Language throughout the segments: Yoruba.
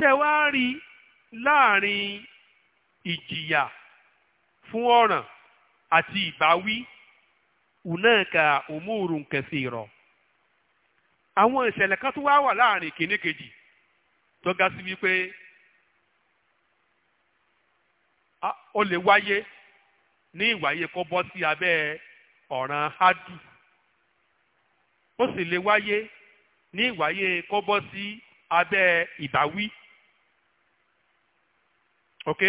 ṣe wá rí láàrin ìjìyà fún ọ̀ràn àti ìbáwí ùnáàkà òmùrù kẹsìrọ̀ àwọn ìṣẹ̀lẹ̀ kan tó wá wà láàrin kìíní kejì tó ga sí wípé ó lè wáyé ní ìwáyé kó bọ́ sí abẹ́ ọ̀ràn hádù ó sì lè wáyé ní ìwáyé kó bọ́ sí abẹ́ ìbáwí ok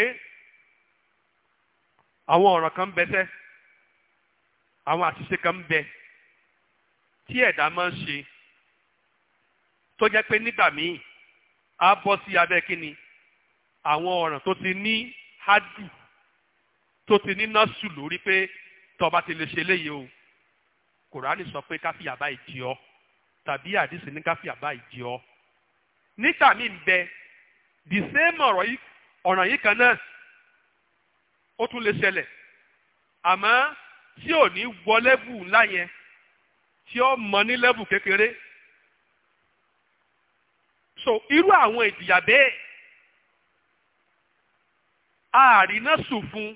àwọn ọ̀ràn kan bẹ sẹ́ àwọn àṣìṣe kan bẹ tí ẹ̀dá máa ń ṣe tó jẹ́ pé nígbà míì á bọ́ sí abẹ́ kínni àwọn ọ̀ràn tó ti ní hádù tó ti ní násù lórí pé tọba ti lè ṣe léyìí o kòránì sọ pé káfíà báyìí di ọ tàbí àdìsí ní káfíà báyìí di ọ nígbà míì bẹ the same ọ̀rọ̀ yìí ọ̀ràn yìí kan náà ó tún lè ṣẹlẹ̀ àmọ́ tí ò ní wọ lẹ́bù ńlá yẹn tí ó mọ ní lẹ́bù kékeré so irú àwọn ìjìyà bẹ́ẹ̀ ààrínà sùn fún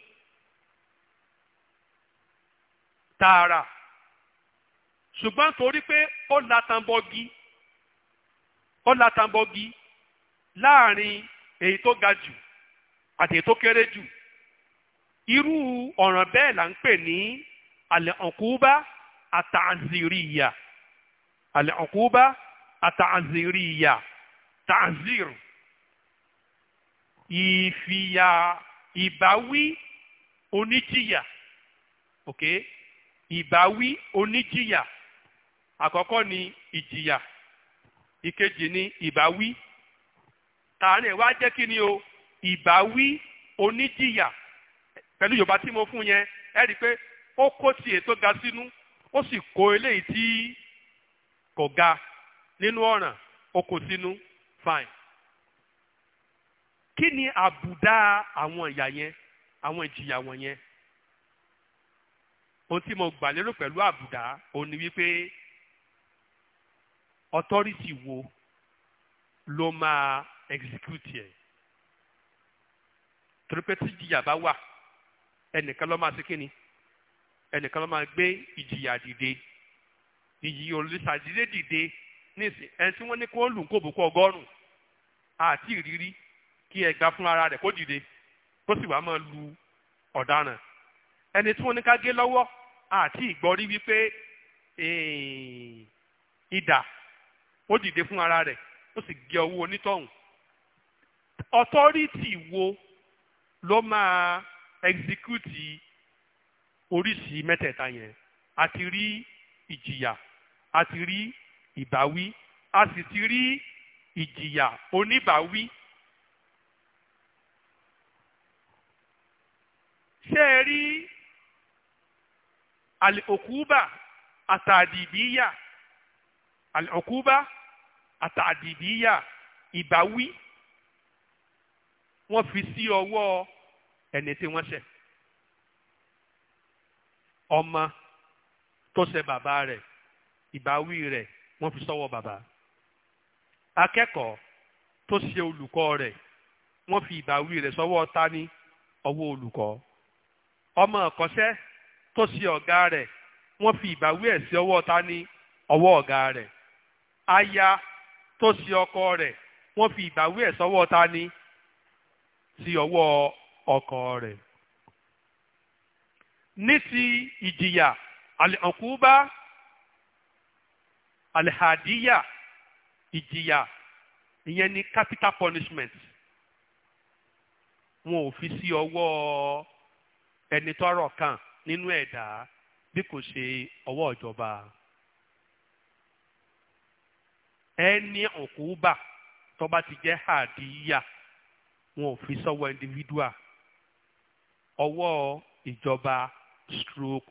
tààrà ṣùgbọ́n torí pé ó latanbọ́gi ó latanbọ́gi láàrin èyí tó ga jù àti èyí tó kéré jù irú ọ̀ràn bẹ́ẹ̀ là ń pè ní alẹ́ ọ̀kúbá àtàzìríyà alẹ́ ọ̀kúbá àtàzìríyà tàzìr ìfìyà ìbáwí oníjìyà ok ìbáwí oníjìyà àkọ́kọ́ ni ìjìyà ìkejì ni ìbáwí tààrin ẹ̀ wá jẹ́ kí ni o ìbáwí oníjìyà pẹ̀lú yorùbá tí mo fún yẹn ẹ rí i pé ó kó tiẹ̀ tó ga sínú ó sì kó eléyìí tí kò ga nínú ọ̀ràn ó kó sínú fine. kí ni àbùdá àwọn ìyà yẹn àwọn ìjìyà wọ̀nyẹn ohun tí mo gbà lérò pẹ̀lú àbùdá òun ni wípé ọtọ́rìtì wo ló máa execute yẹn torí pé tí ìjìyà bá wà ẹnìkan ló máa ṣe kíni ẹnìkan ló máa gbé ìjìyà dìde ìyí olùsàdídé dìde nísìn ẹni tí wọ́n ní kó lù kó bùkún ọgọ́rùn-ún àti ìrírí kí ẹgbà fún ara rẹ̀ kó dìde kó sì wá máa lu ọ̀daràn ẹni tí wọ́n ní ká gé lọ́wọ́ àti ìgbọ́rí wípé idà ó dìde fún ara rẹ̀ ó sì gé ọwọ́ onítọ̀hún ọ̀tọ́rìtì wo ló máa execute oríṣìí mẹ́tẹ̀ẹ̀ta yẹn a ti rí ìjìyà a ti rí ìbáwí a sì ti rí ìjìyà oníbàáwí. ṣé ẹ rí àlòkúbà àtàdìbíyà àlòkúbà àtàdìbíyà ìbáwí wọ́n fi sí ọwọ́ ẹni tí wọ́n ṣẹ̀ ọmọ tó ṣẹ̀ bàbá rẹ̀ ìbáwí rẹ̀ wọ́n fi sọ́wọ́ bàbá akẹ́kọ̀ọ́ tó ṣe olùkọ́ rẹ̀ wọ́n fi ìbáwí rẹ̀ sọ́wọ́ tani ọwọ́ olùkọ́ ọmọ ọ̀kọ́ṣẹ́ tó ṣe ọ̀gá rẹ̀ wọ́n fi ìbáwí ẹ̀ sí ọwọ́ tani ọwọ́ ọ̀gá rẹ̀ aya tó ṣe ọkọ rẹ̀ wọ́n fi ìbáwí ẹ̀ sọ́wọ́ tani sí ọwọ́ ọkọ rẹ̀ ní ti ìjìyà àlẹ́kùbá àlẹ́hàdíyà ìjìyà ìyẹn ni capital punishment wọn ò fi sí ọwọ́ ẹni tọ́rọ̀ kàn nínú ẹ̀dá bí kò ṣe ọwọ́ ìjọba ẹni ọ̀kúbà tó bá ti jẹ́ hàdíyà wọn ò fi sọ́wọ́ individual ọwọ́ ìjọba stroke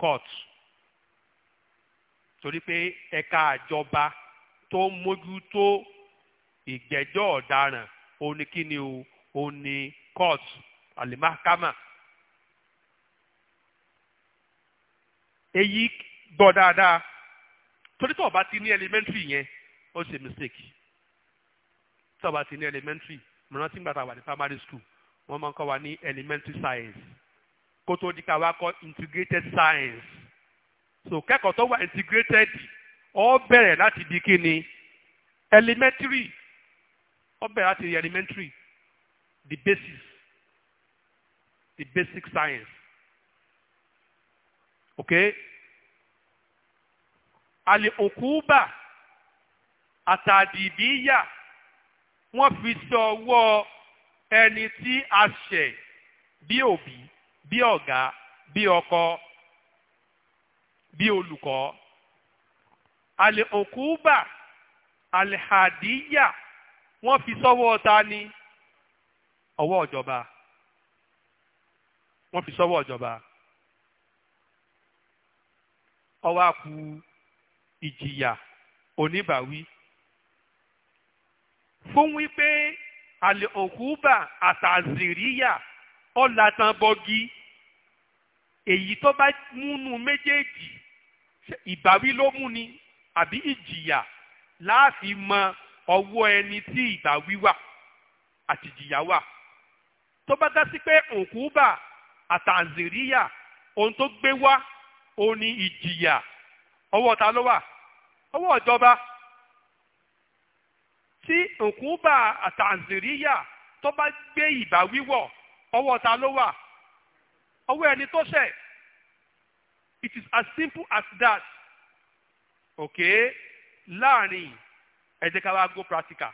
court torí pé ẹ̀ka àjọba tó ń mójútó ìgbẹ́jọ́ ọ̀daràn oníkíni o oní court alimakama èyí gbọ́ dáadáa torí tó o bá ti ní elementary yẹn ó ṣe mistake tó o bá ti ní elementary mo rántí gbàtà wà ní primary school wọ́n máa ń kọ́ wa ní elementary science kó tó di ká wá kọ́ integrated science so kẹ́kọ̀ọ́ tó wà integrated ó bẹ̀rẹ̀ láti di kí ni elementary ó bẹ̀rẹ̀ láti di elementary the basis the basic science okay aliokuba atadibiya wọ́n fi sọ ọwọ́ ẹni tí a ṣẹ̀ bí òbí bí ọ̀gá bí ọkọ bí olùkọ́ àlè òkúbà àlè hàdíyà wọ́n fi sọ́wọ́ ta ni ọwọ́ ìjọba wọ́n fi sọ́wọ́ ìjọba ọwọ́ àkú ìjìyà oníbàwí fún wípé àlè òkúbà àtàzìríyà ọ̀làtàbọ̀gì èyí tó bá múnú méjèèjì ìbáwí ló mú ni àbí ìjìyà láàfin mọ ọwọ́ ẹni tí ìbáwí wà àti ìjìyà wà tó bá dá sí pé òkúbà àtàzìríyà ohun tó gbé wá ó ní ìjìyà ọwọ́ ta ló wà ọwọ́ ìjọba tí nkúbà àtàǹzìríyà tó bá gbé ìbá wíwọ̀ ọwọ́ ta ló wà ọwọ́ ẹni tó ṣẹ̀ it is as simple as that okay láàrin ẹ jẹ́ ká wá go practical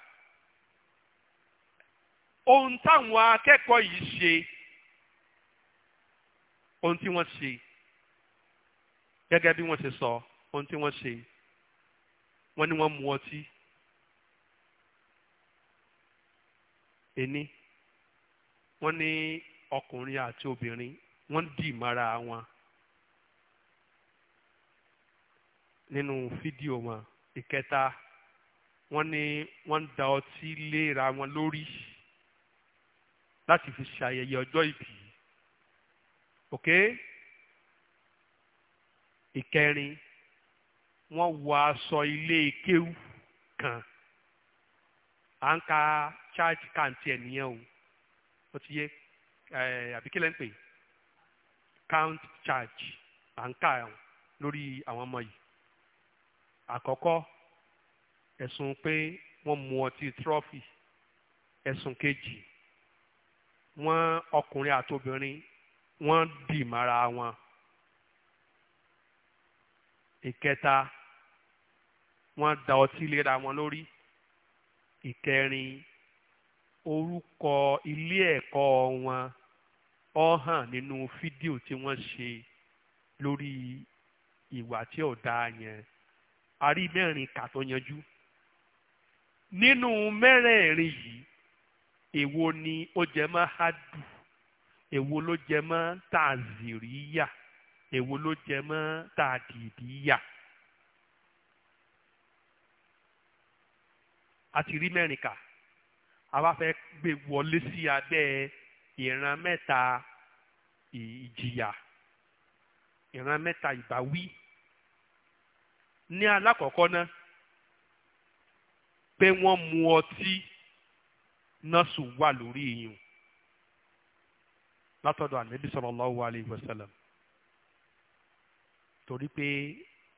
ohun táwọn akẹ́kọ̀ọ́ yìí ṣe ohun tí wọ́n ṣe gẹ́gẹ́ bí wọ́n ṣe sọ ohun tí wọ́n ṣe wọ́n ní wọ́n mu ọtí. ení wọ́n ní ọkùnrin àti obìnrin wọ́n dì mọ́ra wọn nínú fídíò wọn ìkẹta wọ́n ní wọ́n ń da ọtí léra wọn lórí láti fi ṣàyẹyẹ ọjọ́ ìbí ok ìkẹrin wọ́n wọ aṣọ ilé kéwù kan à ń ka charge count ẹ̀ nìyẹn o ó ti yé àbí kílẹ̀ ń pè count charge à ń kà lórí àwọn ọmọ yìí àkọ́kọ́ ẹ̀sùn pé wọ́n mu ọtí trọ́fì ẹ̀sùn kejì wọ́n ọkùnrin àtobìnrin wọ́n dì mára wọn ìkẹta wọ́n da ọtí lera wọn lórí ìkẹrin orúkọ ilé ẹ̀kọ́ wọn ó hàn nínú fídíò tí wọ́n ṣe lórí ìwà tí ò dáa yẹn a mẹ́rin kà tó yanjú nínú mẹ́rẹ̀ẹ̀rin yìí èwo ni ó jẹ mọ́ hádù èwo ló jẹ mọ́ tàzìríyà èwo ló jẹ mọ́ tàdìdíyà. àti rí mẹ́rin kà àwa fẹ́ gbé wọlé sí abẹ́ ìran mẹ́ta ìjìyà ìran mẹ́ta ìbáwí ní alákọ̀ọ́kọ́ náà pé wọ́n mu ọtí nọ́ọ̀sù wà lórí iyùn látọ̀dọ̀ ànábì sallallahu alayhi wa sallam torí pé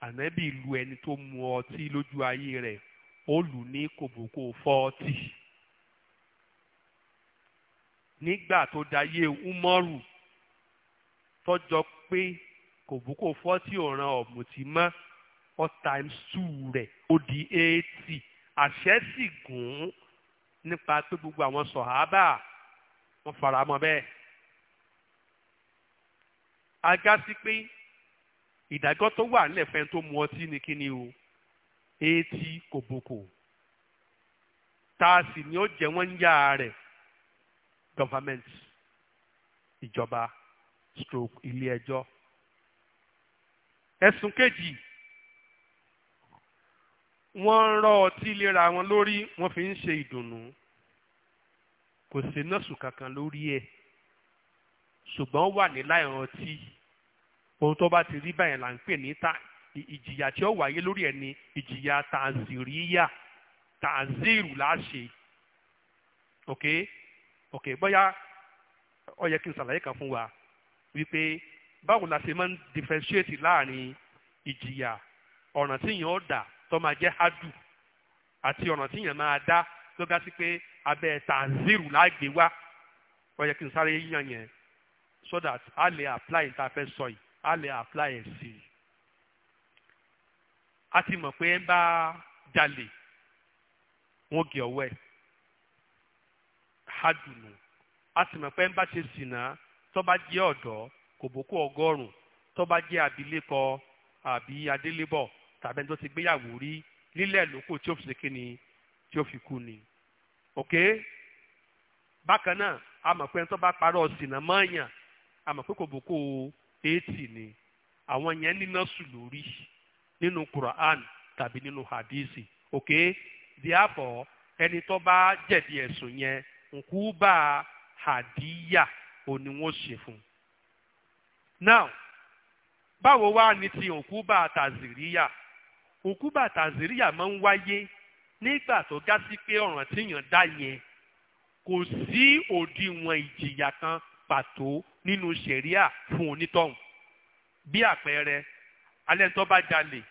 ànábì lu ẹni tó mu ọtí lójú ayé rẹ̀ ó lù ní kòbókò fọ́ọ̀tì nígbà tó dayé umaru tọjọ pé kòbókò fọ́ọ̀tì ò ran ọ̀mùtí mọ́ ọ times two rẹ̀ ó di eighty àṣẹ sì gùn nípa pé gbogbo àwọn sọ̀hábà wọ́n fara mọ́ bẹ́ẹ̀ agá sí pé ìdájọ́ tó wà nílẹ̀ fẹ́ tó mu ọtí ni kí ni o etí kòbókò táàsì ni ó jẹ wọ́n ń yá rẹ̀ government ìjọba stroke ilé ẹjọ́ ẹ̀sùn kejì wọ́n ń rọ ọtí lera wọn lórí wọ́n fi ń ṣe ìdùnnú kò sí nọ́ọ̀sù kankan lórí ẹ̀ ṣùgbọ́n wà ní láìran ohun tó bá ti rí báyìí là ń pè ní ìjìyà tí ó wáyé lórí ẹ̀ ni ìjìyà tàǹzìríyà tàǹzìrù láṣẹ ok ok bóyá ó yẹ kí n ṣàlàyé kan fún wa wípé báwo la ṣe máa ń differentiate láàrin ìjìyà ọ̀ràn tí yẹn ó dà tó máa jẹ́ hádù àti ọ̀ràn tí yẹn máa dá tó ga sí pé abẹ́ tàǹzìrù láàgbé wá ó yẹ kí n sáré yàn yẹn so that a lè apply nta fẹ́ sọ yìí a lè apply ẹ̀ sí i. a ti mọ̀ pé ń bá jalè wọ́n gé ọwọ́ ẹ̀ a ti mọ̀ pé ń bá ṣe sìnà tó jẹ́ ọ̀dọ́ kò bókú ọgọ́rùn-ún jẹ́ abilékọ ti gbéyàwó rí lóko ni tí ó fi ok bákan náà a mọ̀ pé ẹni tó parọ́ sìnà mọ́ọ̀yàn a mọ̀ pé kò bókú nínú Quran tàbí nínú hadisi ok therefore ẹni tó bá jẹ̀bi ẹ̀sùn yẹn nkú bá hadiya òní wọ́n ṣe fún now báwo wá ní ti òkú bá tàzíríyà òkú bá tàzíríyà máa ń wáyé nígbà tó ga sí pé ọ̀ràn tíyàn dá yẹn kò sí òdiwọ̀n ìjìyà kan pàtó nínú ṣẹ̀ríà fún onítọ̀hún bí àpẹẹrẹ alẹ́ ń tó bá jalè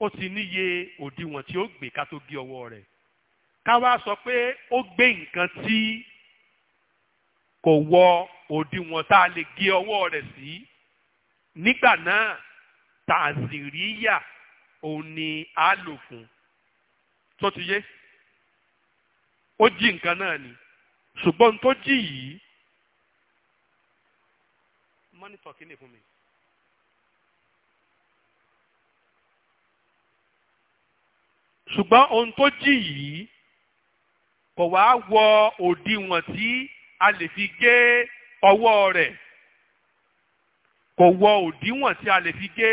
ó ti níye òdiwọ̀n tí ó gbé ká tó gé ọwọ́ rẹ̀ ká wá sọ pé ó gbé nǹkan tí kò wọ òdiwọ̀n tá a lè gé ọwọ́ rẹ̀ sí nígbà náà tàzíríyà òun ni a lò fún tó ti yé ó jí nǹkan náà ni ṣùgbọ́n tó jí yìí mọ́nítọ̀ kí ni fún mi. ṣùgbọ́n ohun tó jì yìí kò wá wọ òdiwọ̀n tí a lè fi gé ọwọ́ rẹ̀ kò wọ òdiwọ̀n tí a lè fi gé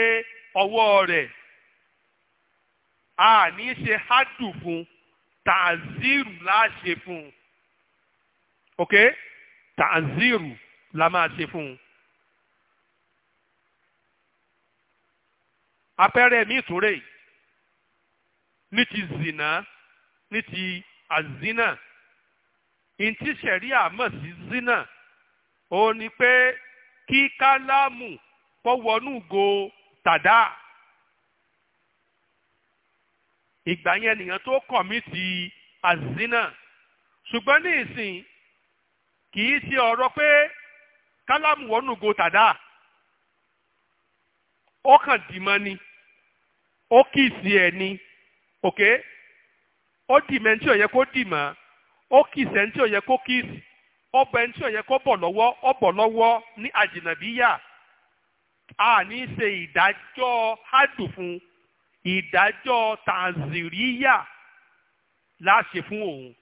ọwọ́ rẹ̀ a ní ṣe hádùn fún tàzírù láṣẹ fún ok tàzírù la máa ṣe fún un. mi tún rèé ní ti zina ní ti azina ntí sẹ̀ríà mọ̀ sí zina ó ní pé kí kálámù kọ́ wọnú go tàdá ìgbà yẹn nìyẹn tó kọ̀mìtì azina ṣùgbọ́n ní ìsìn kì í ṣe ọ̀rọ̀ pé kálámù wọnú go tàdá ó kàn dì mọ́ ni ó kìí sí ẹ̀ ni. oke ó dì mẹ́ tí ò kó dì mọ́ ó kìsì ẹni tí bụ kó kìsì ó bọ ẹni kó bọ̀ a ní ṣe ìdájọ́ hádù fún ìdájọ́ tàǹzìríyà láṣẹ fún òun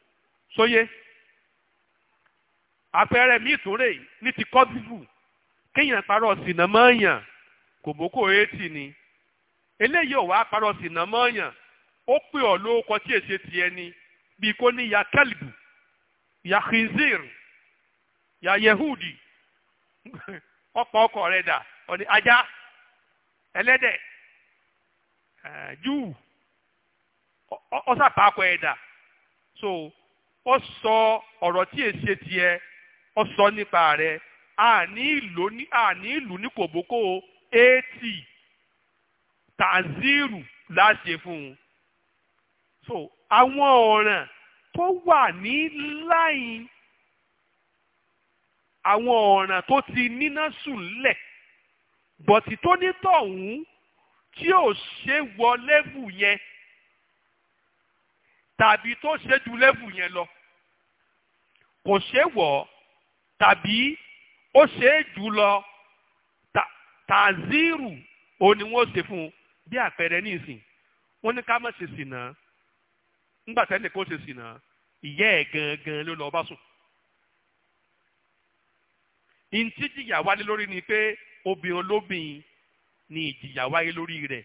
sóyè àpẹẹrẹ míì tún rè ní ti kọ́sífù kéèyàn parọ́ etí ni eléyìí ò ó pè ọ́ lóko tí èsì tiẹ̀ ni bí kò ní ya kẹ́lìbù ya khinzir ya yehudi ọkọ ọkọ rẹ̀ dà ọ̀ni ajá ẹlẹ́dẹ̀ júù ọ̀sàpàkọ̀ ẹ̀ dà so ó sọ ọ̀rọ̀ tí èsì tiẹ̀ ó sọ nípa rẹ̀ àní ìlú ní àní ìlú ní kòbókò eighty tàzírù fún un. so àwọn ọ̀ràn tó wà ní láì àwọn ọ̀ràn tó ti níná sùn lẹ̀ bọ̀tì tó ní tọ̀hún tí ò ṣe wọ lẹ́vù yẹn tàbí tó ṣe ju lẹ́vù yẹn lọ kò ṣe wọ̀ tàbí ó ṣe jù lọ tàzírù òun ni wọ́n ṣe fún un bí àpẹẹrẹ nísìn wọ́n ní ká má ṣe sìnà ńgbà tẹ́lẹ̀ kó ṣe sìnà ìyá ẹ̀ gangan ló lọ bá sùn. ìǹtí jìyà wálé lórí ni pé obìnrin olóbìn ni ìjìyà wáyé lórí rẹ̀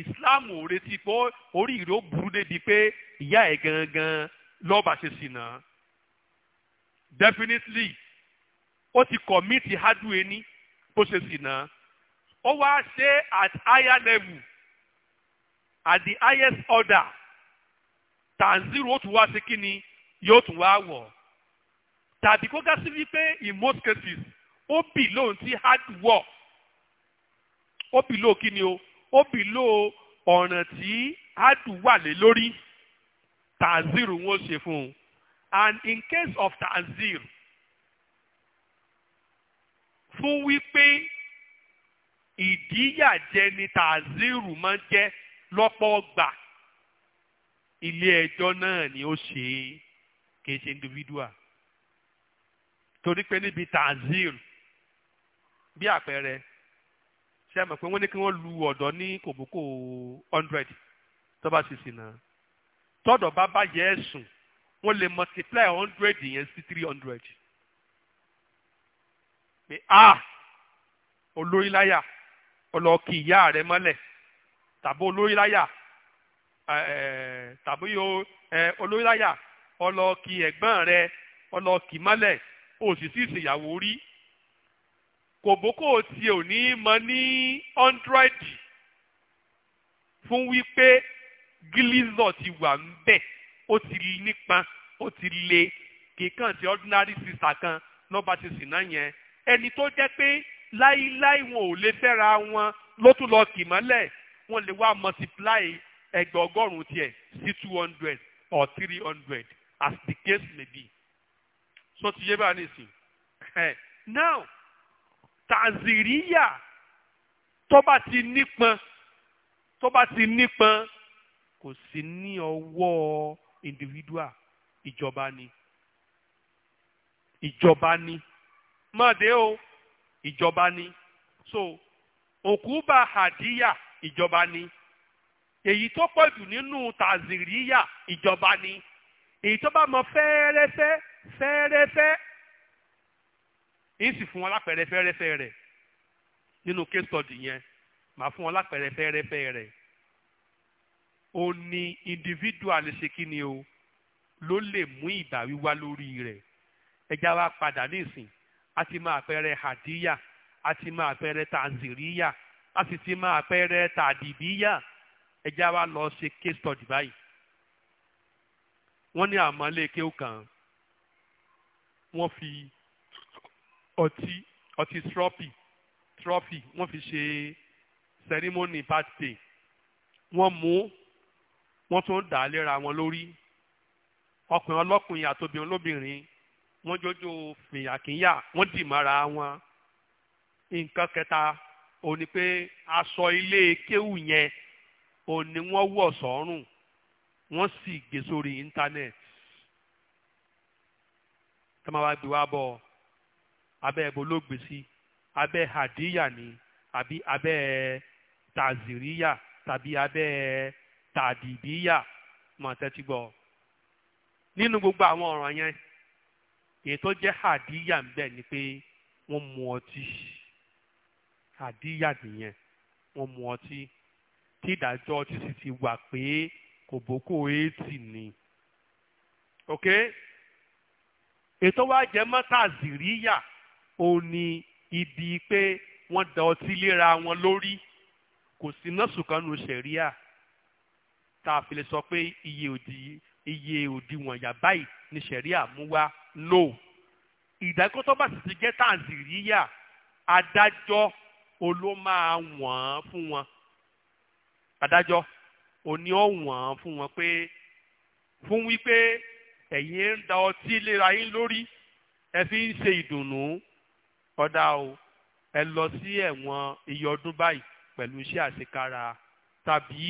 Islam ò retí pé orí ìró burú débi pé ìyá ẹ̀ gangan lọ́ọ̀bà ṣe sìnà definitely ó ti kọ̀mítì hádù ẹni bó ṣe sìnà ó wá ṣe at higher level at the highest order tanziru ó tún wá sí kí ni yóò tún wá wọ̀ tàbí kó gá sí wípé in most cases ó bì lóhun tí hard work ó bì lóhun kí ni o ó bì lóhun ọ̀ràn tí hard wà lé lórí tanziru wọn ṣe fún un and in case of tanziru fún wípé ìdíyàjẹ ni tanziru máa ń jẹ́ lọ́pọ̀ ọgbà ilé ẹjọ́ náà ni ó ṣe é kì í ṣe individual torí pé níbi tazir bí àpẹẹrẹ ṣé ẹ mọ̀ pé wọ́n ní kí wọ́n lu ọ̀dọ́ ní kòbókò hundred tó bá ṣe sìnà tọ́dọ̀ bá bàjẹ́ ẹ̀sùn wọ́n lè multiply hundred yẹn sí three hundred pé a ah, olórí láyà ọlọ́ọ̀kì ìyá rẹ mọ́lẹ̀ tàbí olórí láyà tàbí olóyàyà ọlọ́ọ̀kì ẹ̀gbọ́n rẹ ọlọ́ọ̀kì mọ́lẹ̀ òsìsì ìṣèyàwó rí kòbókò tí ò ní mọ ní ọ́ndrọ́ìdì fún wípé gílízọ̀ ti wà ń bẹ̀ ó ti nípa ó ti le kíkan ti ordinary sister kan lọ́ba ti sìn náà yẹn ẹni tó jẹ́ pé láíláí wọn ò lè fẹ́ra wọn ló tún lọ kì mọ́lẹ̀ wọn lè wá multiply ẹgbẹ́ ọgọ́rùn-ún tiẹ̀ sí two hundred or three hundred as the case may be so ti yé báyìí nìsín now Tanzania, tó bá ti nípọn tó bá ti nípọn kò sí ní ọwọ́ individual ìjọba ni ìjọba ni mọ̀dé o ìjọba ni so òkú bá hadiya ìjọba ni èyí tó pọ̀ jù nínú tàzìríyà ìjọba ni èyí tó bá mọ fẹ́ẹ́rẹ́fẹ́ fẹ́ẹ́rẹ́fẹ́ èyí sì fún wọn lápẹẹrẹ fẹ́ẹ́rẹ́fẹ́ rẹ̀ nínú case study yẹn màá fún wọn lápẹẹrẹ fẹ́ẹ́rẹ́fẹ́ rẹ̀ ó ní individual ṣe kí ni o ló lè mú ìbáwí wá lórí rẹ̀ ẹja wa padà nísìn a máa pẹrẹ hadiya a máa pẹrẹ tanziriya a ti máa pẹrẹ tàdìbíyà. Ta ẹjẹ́ wa lọ ṣe case study báyìí wọ́n ní àmọ́lé kéwù kan wọ́n fi ọtí ọtí trọ́pì trọ́pì wọ́n fi ṣe ceremony birthday wọ́n mú wọ́n tún dà á léra wọn lórí ọkùnrin ọlọ́kùnrin àtobìnrin olóbìnrin wọ́n jójó fìyàkínyà wọ́n dì mọ́ra wọn nǹkan kẹta òní pé aṣọ ilé kéwù yẹn òun ni wọ́n wọ̀ sọ́rùn wọ́n sì gbé sórí íńtánẹ́ẹ̀tì tá máa gbé wá bọ̀ abẹ́ ẹ̀bọ ni àbí abẹ́ taziriya tàbí abẹ́ tàdìbíyà mọ̀ gbọ́ gbogbo àwọn ọ̀ràn yẹn èyí tó jẹ́ ń bẹ ni pé wọ́n mu ọtí nìyẹn wọ́n mu ọtí. tí ìdájọ́ ti sì ti wà pé kò bókó eighty ni ok ètò wa jẹ mọ́tà zìríyà ó ní ibi pé wọ́n da ọtí léra wọn lórí kò sí nọ́ọ̀sù kan nu sẹ̀ríà tá a fi lè sọ pé iye òdì iye òdiwọ̀n yà báyìí ni sẹ̀ríà mú wá no ìdákọ́tọ́ bá sì ti jẹ́ tàǹzìríyà adájọ́ olómáa wọ̀n fún wọn adájọ́ òní ọ̀wọ́n fún wọn pé fún wípé ẹ̀yin ń da ọtí léra yín lórí ẹ fi ń ṣe ìdùnnú ọ̀dà o ẹ lọ sí ẹ̀wọ̀n iye ọdún báyìí pẹ̀lú iṣẹ́ àṣekára tàbí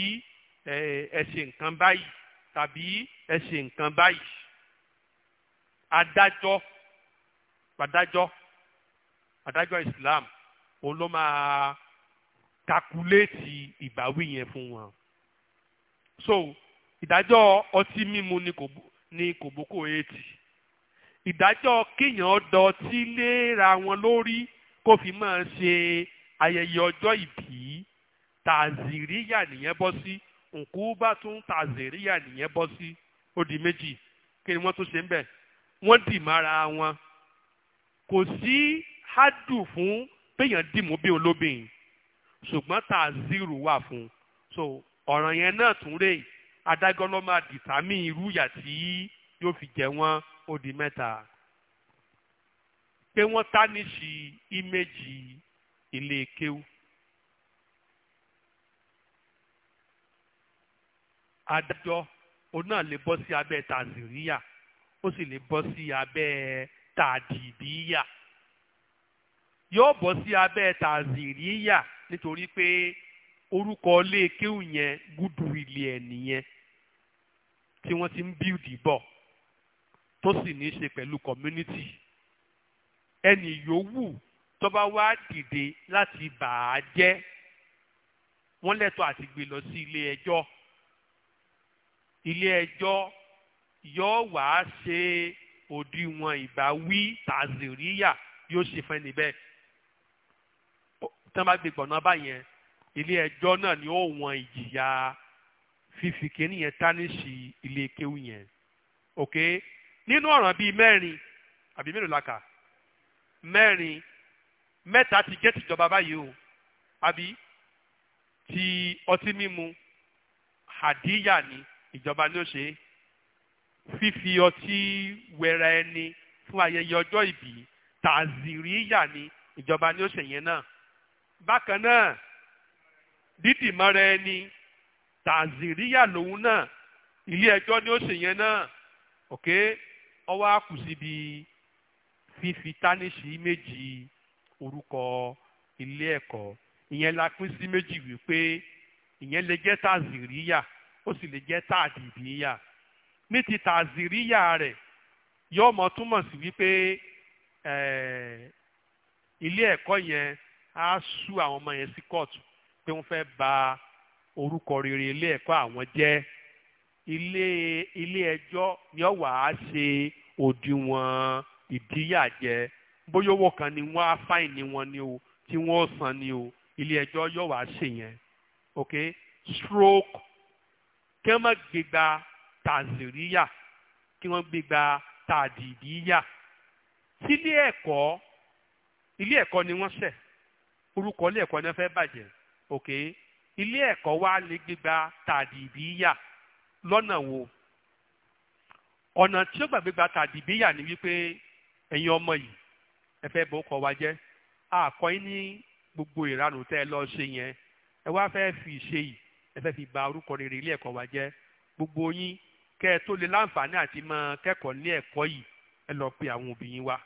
ẹ ṣe nǹkan báyìí tàbí ẹ ṣe nǹkan báyìí adájọ́ adájọ́ adájọ́ Islam òun ló máa kakuléètì ìbáwí yẹn fún wọn. so ìdájọ́ ọtí mímu ni kòbókò eighty ìdájọ́ kéèyàn dọtí léra wọn lórí kó fi máa ṣe ayẹyẹ ọjọ́ ìbí tàzíríyà nìyẹn bọ́ sí nkúbá tún tàzíríyà nìyẹn bọ́ sí ó di méjì kí ni wọ́n tún ṣe ń bẹ̀ wọ́n dì mára wọn kò sí hádùn fún péyàn dìmú bí olóbìnrin ṣùgbọ́n Zero wà fún so ọ̀ràn yẹn náà tún rè adájọ́ ló máa dìtàmì irú ìyà tí yóò fi jẹ wọ́n ó di mẹ́ta pé wọ́n tánìṣì íméjì ilé kéwú. adájọ́ òun náà lè bọ́ sí abẹ́ tàzíríyà ó sì lè bọ́ sí abẹ́ tàdìbíyà yóò bọ́ sí abẹ́ tàzíríyà nítorí pé orúkọ léèkéwù yẹn gúdùwìlì ẹ̀ nìyẹn tí wọ́n ti ń bíldì bọ̀ tó sì ní í ṣe pẹ̀lú community ẹnì yòówù tó bá wá dìde láti bà á jẹ́ wọ́n lẹ́tọ̀ọ́ àti gbé lọ sí ilé ẹjọ́ ilé ẹjọ́ yóò wá ṣe òdiwọ̀n ìbáwí tàzíríyà yóò ṣe fún ẹni tí wọ́n bá gbé gbọ̀nà báyẹn ilé ẹjọ́ náà ni ó wọn ìjìyà fífi kéènì yẹn tánìṣì ilé kéwù yẹn ok nínú ọ̀ràn bíi mẹ́rin àbí mélòó la kà mẹ́rin mẹ́ta ti jẹ́ tìjọba báyìí o àbí ti ọtí mímu hàdíyà ni ìjọba ni ó ṣe fífi ọtí wẹra ẹni fún ayẹyẹ ọjọ́ ìbí tàzíríyà ni ìjọba ni ó ṣe yẹn náà bákan náà dídì mọ́ra ẹni tàzíríyà lòun náà ilé ẹjọ́ ni ó sì yẹn náà òkè ọwọ́ àkù síbi fífi tánìṣì méjì orúkọ ilé ẹ̀kọ́ ìyẹn la pín sí méjì wípé ìyẹn lè jẹ́ tàzíríyà ó sì lè jẹ́ tàdìbíyà ní ti tàzíríyà rẹ̀ yóò mọ̀ túmọ̀ sí wípé ilé ẹ̀kọ́ yẹn á sú àwọn ọmọ yẹn sí kóòtù pé wọ́n fẹ́ ba orúkọ rere ilé ẹ̀kọ́ àwọn jẹ́ ilé ilé ẹjọ́ ni ó wà á ṣe òdiwọ̀n ìdíyàjẹ bóyá owó kan ni wọ́n á fáìní wọn ni o tí wọ́n san ni o ilé ẹjọ́ yóò wá ṣe yẹn ok stroke kí wọ́n má gbégbá tàzíríyà kí wọ́n gbégbá tàdìdíyà sílé ẹ̀kọ́ ilé ẹ̀kọ́ ni wọ́n ṣẹ̀ orúkọ ilé ẹ̀kọ́ náà fẹ́ bàjẹ́ òkè ilé ẹ̀kọ́ wa lè gbégbá tàdìbíyà lọ́nà wo ọ̀nà tí ó gbàgbégbá tàdìbíyà ni wípé ẹ̀yin ọmọ yìí ẹ fẹ́ bọ́ ọkọ̀ wa jẹ́ àkọ́ yín ní gbogbo ìranù tẹ́ ẹ lọ ṣe yẹn ẹ wá fẹ́ fi ṣe yìí ẹ fẹ́ fi ba orúkọ rere ilé ẹ̀kọ́ wa jẹ́ gbogbo yín kẹ́ ẹ tó lè láǹfààní àti máa kẹ́kọ̀ọ́ ní ẹ̀kọ́ yìí ẹ lọ pe àwọn òbí yín wá.